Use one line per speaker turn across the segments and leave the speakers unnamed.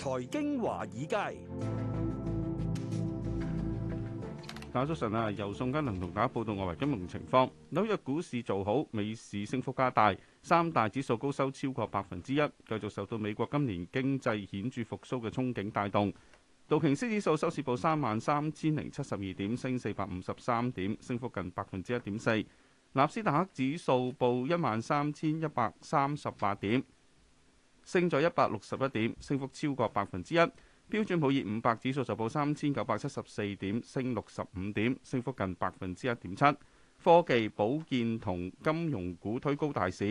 財經華爾街，大早晨啊，由宋嘉能同大家報道外圍金融情況。紐約股市做好，美市升幅加大，三大指數高收超過百分之一，繼續受到美國今年經濟顯著復蘇嘅憧憬帶動。道瓊斯指數收市報三萬三千零七十二點，升四百五十三點，升幅近百分之一點四。納斯達克指數報一萬三千一百三十八點。升咗一百六十一點，升幅超過百分之一。標準普爾五百指數就報三千九百七十四點，升六十五點，升幅近百分之一點七。科技、保健同金融股推高大市，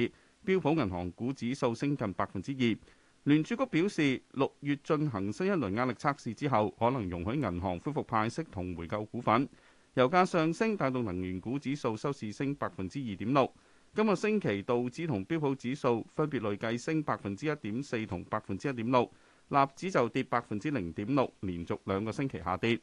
標普銀行股指數升近百分之二。聯儲局表示，六月進行新一輪壓力測試之後，可能容許銀行恢復派息同回購股份。油價上升帶動能源股指數收市升百分之二點六。今個星期，道指同標普指數分別累計升百分之一點四同百分之一點六，納指就跌百分之零點六，連續兩個星期下跌。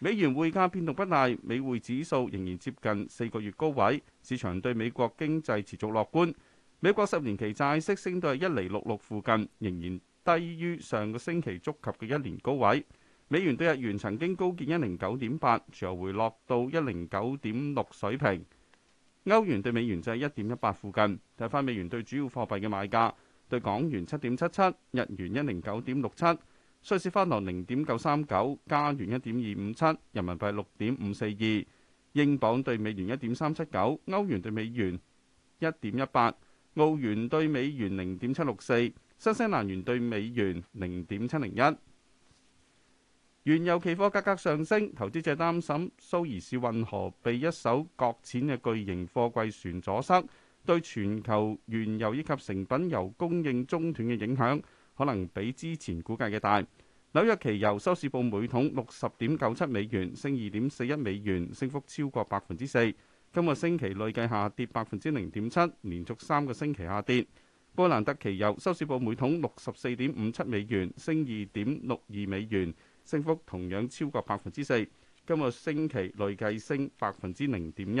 美元匯價變動不大，美匯指數仍然接近四個月高位，市場對美國經濟持續樂觀。美國十年期債息升到一釐六六附近，仍然低於上個星期觸及嘅一年高位。美元對日元曾經高見一零九點八，隨後回落到一零九點六水平。歐元對美元就係一點一八附近，睇返美元對主要貨幣嘅買價，對港元七點七七，日元一零九點六七，瑞士法郎零點九三九，加元一點二五七，人民幣六點五四二，英鎊對美元一點三七九，歐元對美元一點一八，澳元對美元零點七六四，新西蘭元對美元零點七零一。原油期貨價格上升，投資者擔心蘇伊士運河被一艘擱淺嘅巨型貨櫃船阻塞，對全球原油以及成品油供應中斷嘅影響可能比之前估計嘅大。紐約期油收市報每桶六十點九七美元，升二點四一美元，升幅超過百分之四。今個星期累計下跌百分之零點七，連續三個星期下跌。布蘭特期油收市報每桶六十四點五七美元，升二點六二美元。升幅同樣超過百分之四，今日星期累計升百分之零點一。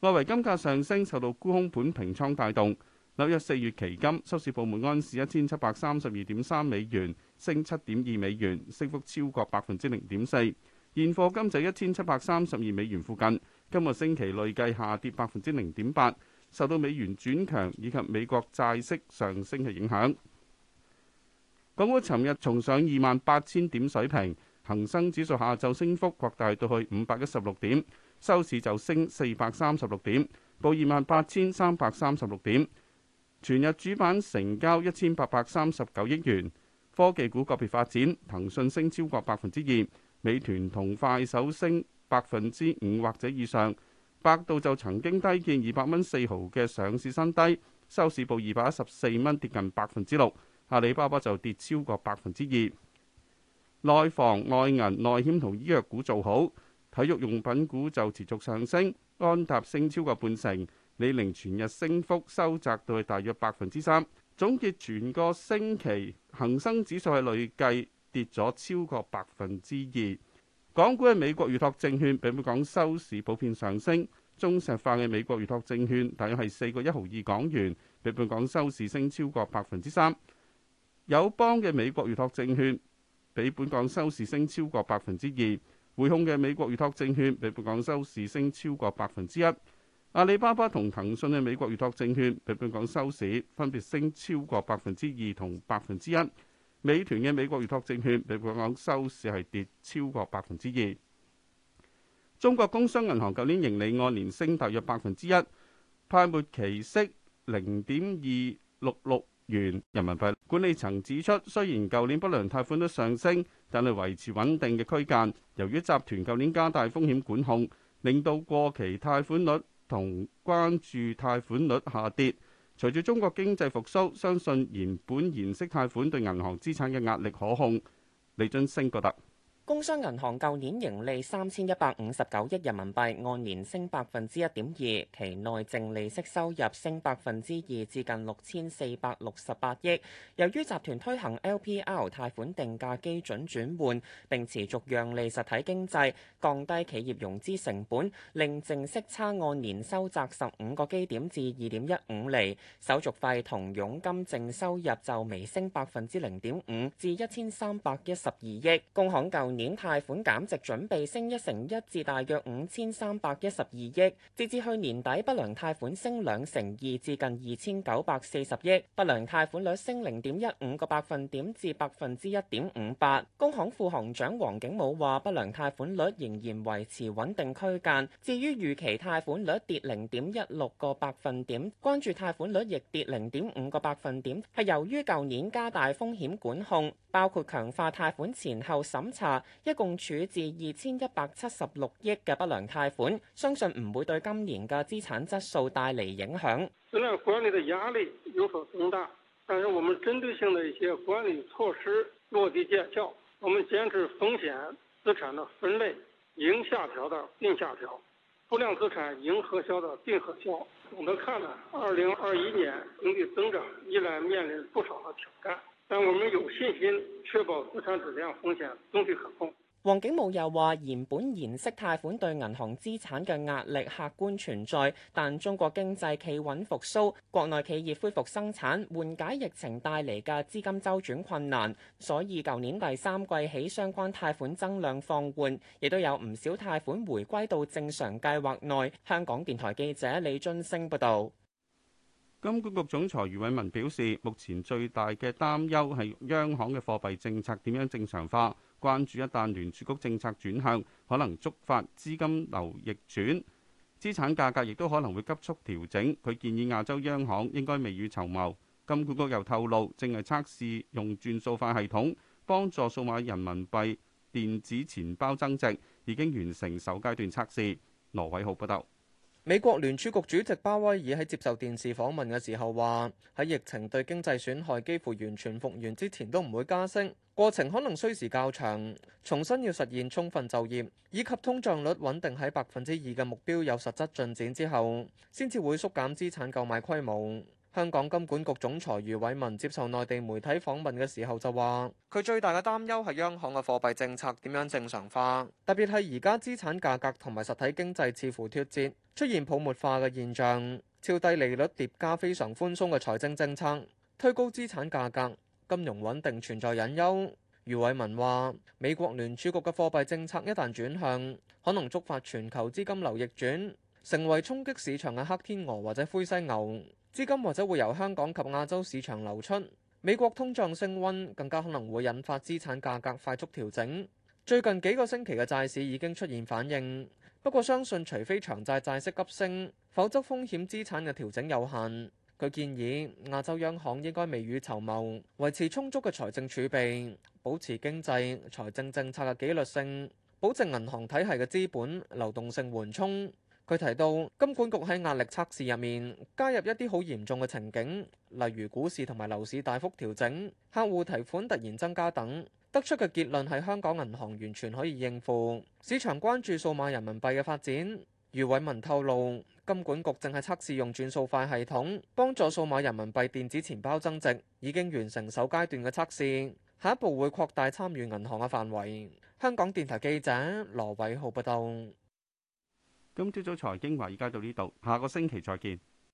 外圍金價上升，受到沽空盤平倉帶動。紐約四月期金收市報每安士一千七百三十二點三美元，升七點二美元，升幅超過百分之零點四。現貨金就一千七百三十二美元附近，今日星期累計下跌百分之零點八，受到美元轉強以及美國債息上升嘅影響。港股尋日重上二萬八千點水平，恒生指數下晝升幅擴大到去五百一十六點，收市就升四百三十六點，報二萬八千三百三十六點。全日主板成交一千八百三十九億元。科技股個別發展，騰訊升超過百分之二，美團同快手升百分之五或者以上。百度就曾經低見二百蚊四毫嘅上市新低，收市報二百一十四蚊，跌近百分之六。阿里巴巴就跌超過百分之二，內房、內銀、內險同醫藥股做好，體育用品股就持續上升，安踏升超過半成，李寧全日升幅收窄到係大約百分之三。總結全個星期恒生指數係累計跌咗超過百分之二，港股嘅美國預託證券，比本港收市普遍上升，中石化嘅美國預託證券大約係四個一毫二港元，比本港收市升超過百分之三。友邦嘅美國預託證券比本港收市升超過百分之二，匯控嘅美國預託證券比本港收市升超過百分之一，阿里巴巴同騰訊嘅美國預託證券比本港收市分別升超過百分之二同百分之一，美團嘅美國預託證券比本港收市係跌超過百分之二。中國工商銀行舊年盈利按年升大約百分之一，派末期息零點二六六元人民幣，管理層指出，雖然舊年不良貸款率上升，但係維持穩定嘅區間。由於集團舊年加大風險管控，令到過期貸款率同關注貸款率下跌。隨住中國經濟復甦，相信延本延息貸款對銀行資產嘅壓力可控。李俊升覺得。
工商銀行舊年盈利三千一百五十九億人民幣，按年升百分之一點二，期內淨利息收入升百分之二，至近六千四百六十八億。由於集團推行 LPR 貸款定價基準轉換，並持續讓利實體經濟，降低企業融資成本，令淨息差按年收窄十五個基點至二點一五厘，手續費同佣金淨收入就微升百分之零點五，至一千三百一十二億。工行舊年貸款減值準備升一成一至大約五千三百一十二億，截至去年底不良貸款升兩成二至近二千九百四十億，不良貸款率升零點一五個百分點至百分之一點五八。工行副行長黃景武話：不良貸款率仍然維持穩定區間。至於預期貸款率跌零點一六個百分點，關注貸款率亦跌零點五個百分點，係由於舊年加大風險管控，包括強化貸款前後審查。一共處置二千一百七十六億嘅不良貸款，相信唔會對今年嘅資產質素帶嚟影響。
質量管理的壓力有所增大，但是我們針對性的一些管理措施落地見效。我們堅持風險資產的分類，應下調的並下調，不良資產應核銷的並核銷。總的看呢，二零二一年經濟增長依然面臨不少的挑戰。但我們有信心確保資產質量風險總體可
控。黃景武又話，延本延息貸款對銀行資產嘅壓力客觀存在，但中國經濟企穩復蘇，國內企業恢復生產，緩解疫情帶嚟嘅資金周轉困難，所以舊年第三季起相關貸款增量放緩，亦都有唔少貸款回歸到正常計劃內。香港電台記者李津升報道。
金管局總裁余偉文表示，目前最大嘅擔憂係央行嘅貨幣政策點樣正常化，關注一旦聯儲局政策轉向，可能觸發資金流逆轉，資產價格亦都可能會急速調整。佢建議亞洲央行應該未雨綢繆。金管局又透露，正係測試用轉數快系統幫助數碼人民幣電子錢包增值，已經完成首階段測試。羅偉浩報道。美國聯儲局主席鮑威爾喺接受電視訪
問嘅時候話：喺疫情對經濟損害幾乎完全復原之前都唔會加息，過程可能需時較長，重新要實現充分就業以及通脹率穩定喺百分之二嘅目標有實質進展之後，先至會縮減資產購買規模。香港金管局總裁余偉文接受內地媒體訪問嘅時候就話，佢最大嘅擔憂係央行嘅貨幣政策點樣正常化，特別係而家資產價格同埋實體經濟似乎脫節，出現泡沫化嘅現象。超低利率疊加非常寬鬆嘅財政政策，推高資產價格，金融穩定存在隱憂。余偉文話，美國聯儲局嘅貨幣政策一旦轉向，可能觸發全球資金流逆轉，成為衝擊市場嘅黑天鵝或者灰犀牛。資金或者會由香港及亞洲市場流出，美國通脹升溫更加可能會引發資產價格快速調整。最近幾個星期嘅債市已經出現反應，不過相信除非長債債息急升，否則風險資產嘅調整有限。佢建議亞洲央行應該未雨綢繆，維持充足嘅財政儲備，保持經濟、財政政策嘅紀律性，保證銀行體系嘅資本流動性緩衝。佢提到，金管局喺壓力測試入面加入一啲好嚴重嘅情景，例如股市同埋樓市大幅調整、客戶提款突然增加等，得出嘅結論係香港銀行完全可以應付。市場關注數碼人民幣嘅發展，余偉文透露，金管局正係測試用轉數快系統幫助數碼人民幣電子錢包增值，已經完成首階段嘅測試。下一步會擴大參與銀行嘅範圍，香港電台記者羅偉浩報道。今朝早財經話，而家到呢度，下個星期再見。